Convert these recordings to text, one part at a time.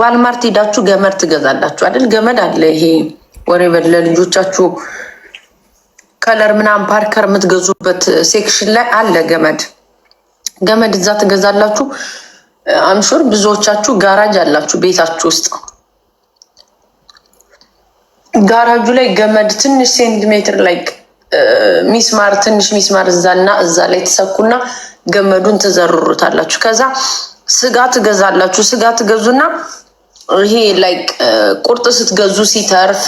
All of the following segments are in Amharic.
ዋልማርት ሄዳችሁ ገመድ ትገዛላችሁ አይደል? ገመድ አለ ይሄ ወሬቨር ለልጆቻችሁ ከለር ምናምን ፓርከር የምትገዙበት ሴክሽን ላይ አለ ገመድ። ገመድ እዛ ትገዛላችሁ። አምሹር ብዙዎቻችሁ ጋራጅ አላችሁ ቤታችሁ ውስጥ። ጋራጁ ላይ ገመድ ትንሽ ሴንቲሜትር ላይ ሚስማር ትንሽ ሚስማር እዛና እዛ ላይ ትሰኩና ገመዱን ትዘርሩታላችሁ። ከዛ ስጋ ትገዛላችሁ። ስጋ ትገዙና ይሄ ላይክ ቁርጥ ስትገዙ ሲተርፍ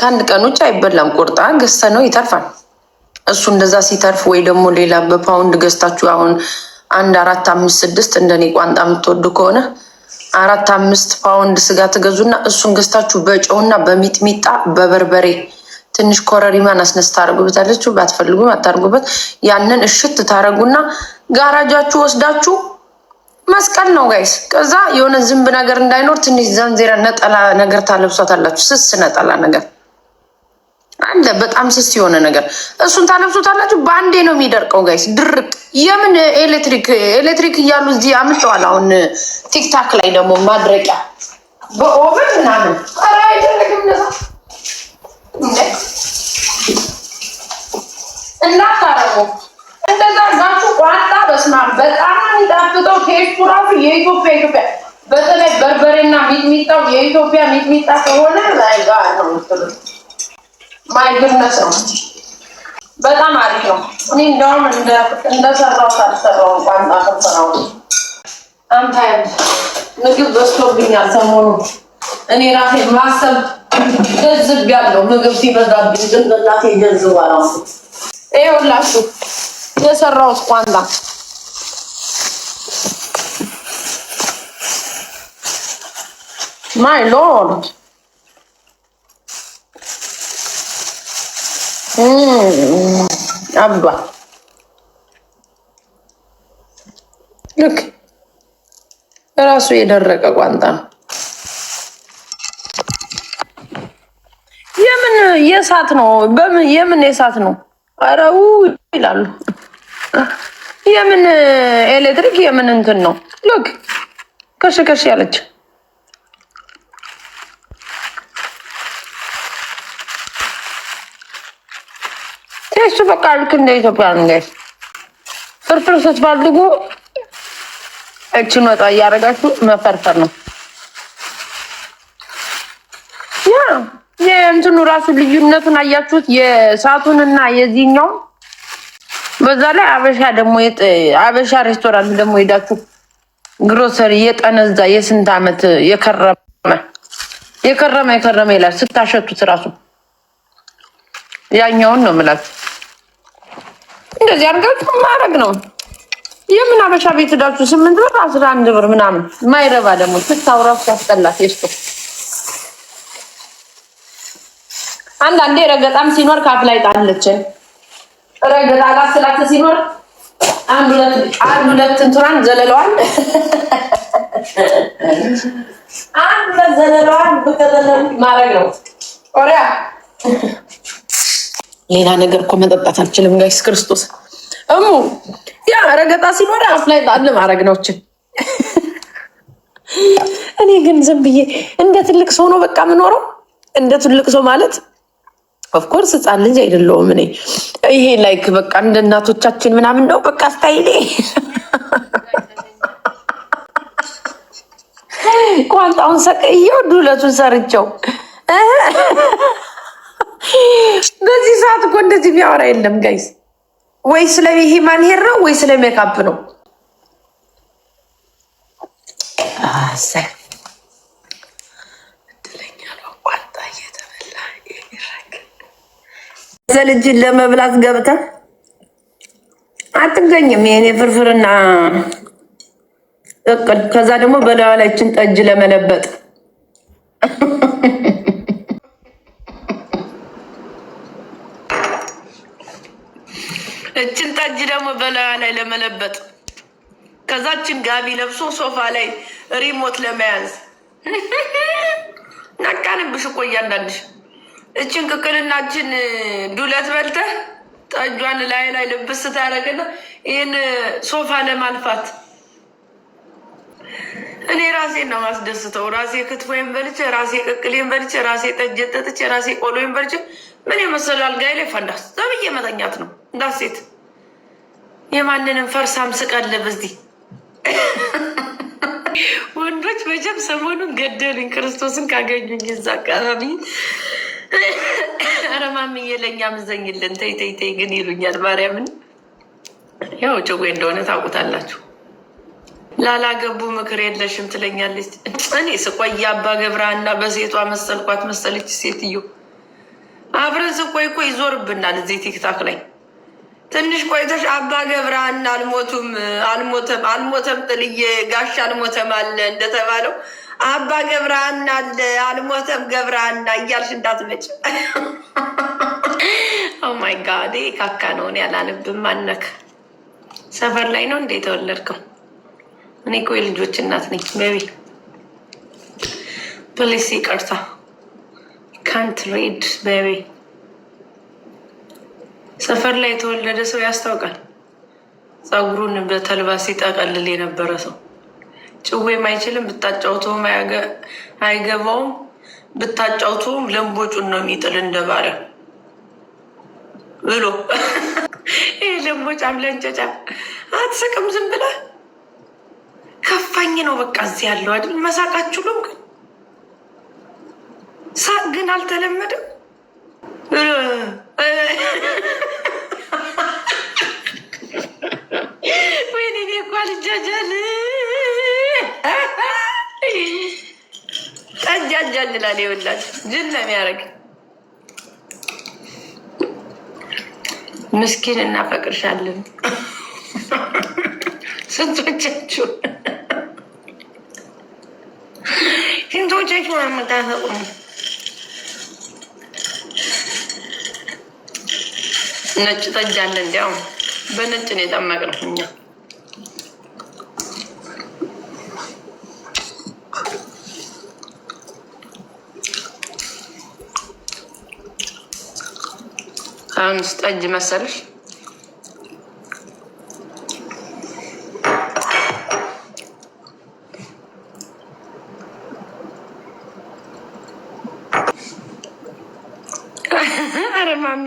ከአንድ ቀን ውጭ አይበላም። ቁርጣ ገዝተ ነው ይተርፋል። እሱ እንደዛ ሲተርፍ ወይ ደግሞ ሌላ በፓውንድ ገዝታችሁ አሁን አንድ አራት አምስት ስድስት እንደኔ ቋንጣ የምትወዱ ከሆነ አራት አምስት ፓውንድ ስጋ ትገዙና እሱን ገዝታችሁ በጨውና በሚጥሚጣ በበርበሬ ትንሽ ኮረሪማን አስነስ ታደርጉበታለች። ባትፈልጉም አታርጉበት። ያንን እሽት ታደርጉና ጋራጃችሁ ወስዳችሁ መስቀል ነው ጋይስ። ከዛ የሆነ ዝንብ ነገር እንዳይኖር ትንሽ ዘንዜራ ነጠላ ነገር ታለብሷታላችሁ። ስስ ነጠላ ነገር አለ፣ በጣም ስስ የሆነ ነገር እሱን ታለብሶታላችሁ። በአንዴ ነው የሚደርቀው ጋይስ። ድርቅ የምን ኤሌክትሪክ ኤሌክትሪክ እያሉ እዚህ አምጥተዋል። አሁን ቲክታክ ላይ ደግሞ ማድረቂያ በኦቨን ምናምን ኧረ እንደዛ ዛችሁ ቋንጣ በስማ በጣም ጣፍጠው ቴስቱ ራሱ የኢትዮጵያ ኢትዮጵያ በተለይ በርበሬና ሚጥሚጣው የኢትዮጵያ ሚጥሚጣ ከሆነ ላይ ጋር ነው ነው። በጣም አሪፍ ነው። እኔ እንደውም እንደሰራው ሳልሰራው እንኳን ጣፈሰራው አንተ ምግብ በዝቶብኛል ሰሞኑ እኔ ራሴ ማሰብ ገዝብ ያለው ምግብ ሲበዛብኝ ጭንቅላቴ ገዝባል። ይኸውላችሁ የሰራሁት ቋንጣ ማይ ሎርድ አባ ልክ እራሱ የደረቀ ቋንጣ ነው። የምን የእሳት ነው? የምን የእሳት ነው? አረው ይላሉ። የምን ኤሌክትሪክ የምን እንትን ነው? ልክ ከሽ ከሽ ያለች እሱ በቃ ልክ እንደ ኢትዮጵያ ነው። ፍርፍር ስትፈልጉ እችን ወጣ እያደረጋችሁ መፈርፈር ነው። ያ የእንትኑ ራሱ ልዩነቱን አያችሁት? እና የዚህኛው በዛ ላይ አበሻ ደግሞ አበሻ ሬስቶራንት ደግሞ ሄዳችሁ ግሮሰሪ የጠነዛ የስንት ዓመት የከረመ የከረመ የከረመ ይላል ስታሸቱት ራሱ ያኛውን ነው የምላችሁ። እንደዚህ አድርጋችሁ ማድረግ ነው። የምን አበሻ ቤት ሄዳችሁ ስምንት ብር አስራ አንድ ብር ምናምን ማይረባ ደግሞ ስታውራሱ ያስጠላት የሱ አንዳንዴ ረገጣም ሲኖር ካፍ ላይ ጣለችን። ረገጣ ጋር ሲኖር አንድ ሁለት አንድ ሁለት እንትራን ዘለለዋል። አንድ ዘለለዋል። ብከዘለል ማድረግ ነው ኦሪያ ሌላ ነገር እኮ መጠጣት አልችልም ጋይስ። ክርስቶስ እሙ ያ ረገጣ ሲኖር አፍ ላይ ጣል ማድረግ ነውችን። እኔ ግን ዝም ብዬ እንደ ትልቅ ሰው ነው በቃ የምኖረው። እንደ ትልቅ ሰው ማለት ኦፍኮርስ ህፃን ልጅ አይደለውም። እኔ ይሄ ላይክ በቃ እንደ እናቶቻችን ምናምን ነው በቃ ስታይሌ ቋንጣውን ሰቀየው ዱለቱን ሰርቸው በዚህ ሰዓት እኮ እንደዚህ የሚያወራ የለም ጋይስ። ወይ ስለ ሂማን ሄር ነው ወይ ስለ ሜካፕ ነው። ልጅን ለመብላት ገብተ አትገኝም። የኔ ፍርፍርና እቅድ ከዛ ደግሞ በላዋላችን ጠጅ ለመለበጥ እችን ጠጅ ደግሞ በላዩ ላይ ለመለበጥ ከዛችን ጋቢ ለብሶ ሶፋ ላይ ሪሞት ለመያዝ ናቃንብሽ እኮ እያንዳንድሽ እችን ክክልናችን ዱለት በልተህ ጠጇን ላይ ላይ ልብስ ስታደርግና ይህን ሶፋ ለማልፋት እኔ ራሴን ነው ማስደስተው። ራሴ ክትፎ በልቼ፣ ራሴ ቅቅል በልቼ፣ ራሴ ጠጅ ጠጥቼ፣ ራሴ ቆሎ በልቼ ምን የመሰለ አልጋዬ ላይ ፈንዳስ ዘብዬ መተኛት ነው እንዳሴት የማንንም ፈርሳም ስቀለ በዚህ ወንዶች መቼም ሰሞኑን ገደሉኝ ክርስቶስን ካገኙኝ እዛ አካባቢ ኧረ ማምዬ ምዘኝልን ተይተይተይ ግን ይሉኛል ማርያምን ያው ጭዌ እንደሆነ ታውቁታላችሁ ላላገቡ ምክር የለሽም ትለኛለች። እኔ ስቆይ አባ እና በሴቷ መሰልኳት መሰለች ሴትዮ። አብረን ስቆይ ቆይ ይዞርብናል እዚህ ቲክታክ ላይ ትንሽ ቆይተሽ አባ እና አልሞቱም አልሞተም አልሞተም ጥልዬ ጋሽ አልሞተም አለ እንደተባለው አባ እና አለ አልሞተም እና እያልሽ እንዳትመጭ። ኦማይ ጋድ ካካ ነውን ያላልብም አነክ ሰፈር ላይ ነው እንደ የተወለድከው እኔ እኮ የልጆች እናት ነኝ። ቤቢ ፕሊስ ይቅርታ። ካንት ሪድ ቤቢ። ሰፈር ላይ የተወለደ ሰው ያስታውቃል። ፀጉሩን በተልባ ሲጠቀልል የነበረ ሰው ጭዌም አይችልም፣ ብታጫውተውም አይገባውም፣ ብታጫውተውም ለምቦጩን ነው የሚጥል እንደባለ ብሎ ይህ ለምቦጫም ለእንጨጫ አትስቅም ዝም ብለህ ከፋኝ ነው በቃ እዚህ ያለው አይደል? መሳቃችሁ ነው ግን ሳቅ ግን አልተለመደም። ወይኔ እኔ እኮ አልጃጃል ጠጃጃል ይላል። ይኸውላችሁ ጅል ነው የሚያደርግ ምስኪን እናፈቅርሻለን ስንቶቻችሁ ልጆች ነው የምታፈቁ ነጭ ጠጅ አለ። እንዲያውም በነጭ ነው የጠመቅነው እኛ። አሁንስ ጠጅ መሰልሽ? ኧረ ማሜ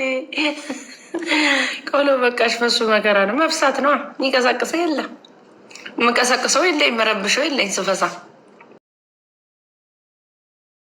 ቆሎ በቃሽ። በሱ መከራ ነው መፍሳት ነው። የሚቀሳቅሰው የለም፣ የምቀሳቅሰው የለ፣ የምረብሸው የለኝ ስፈሳ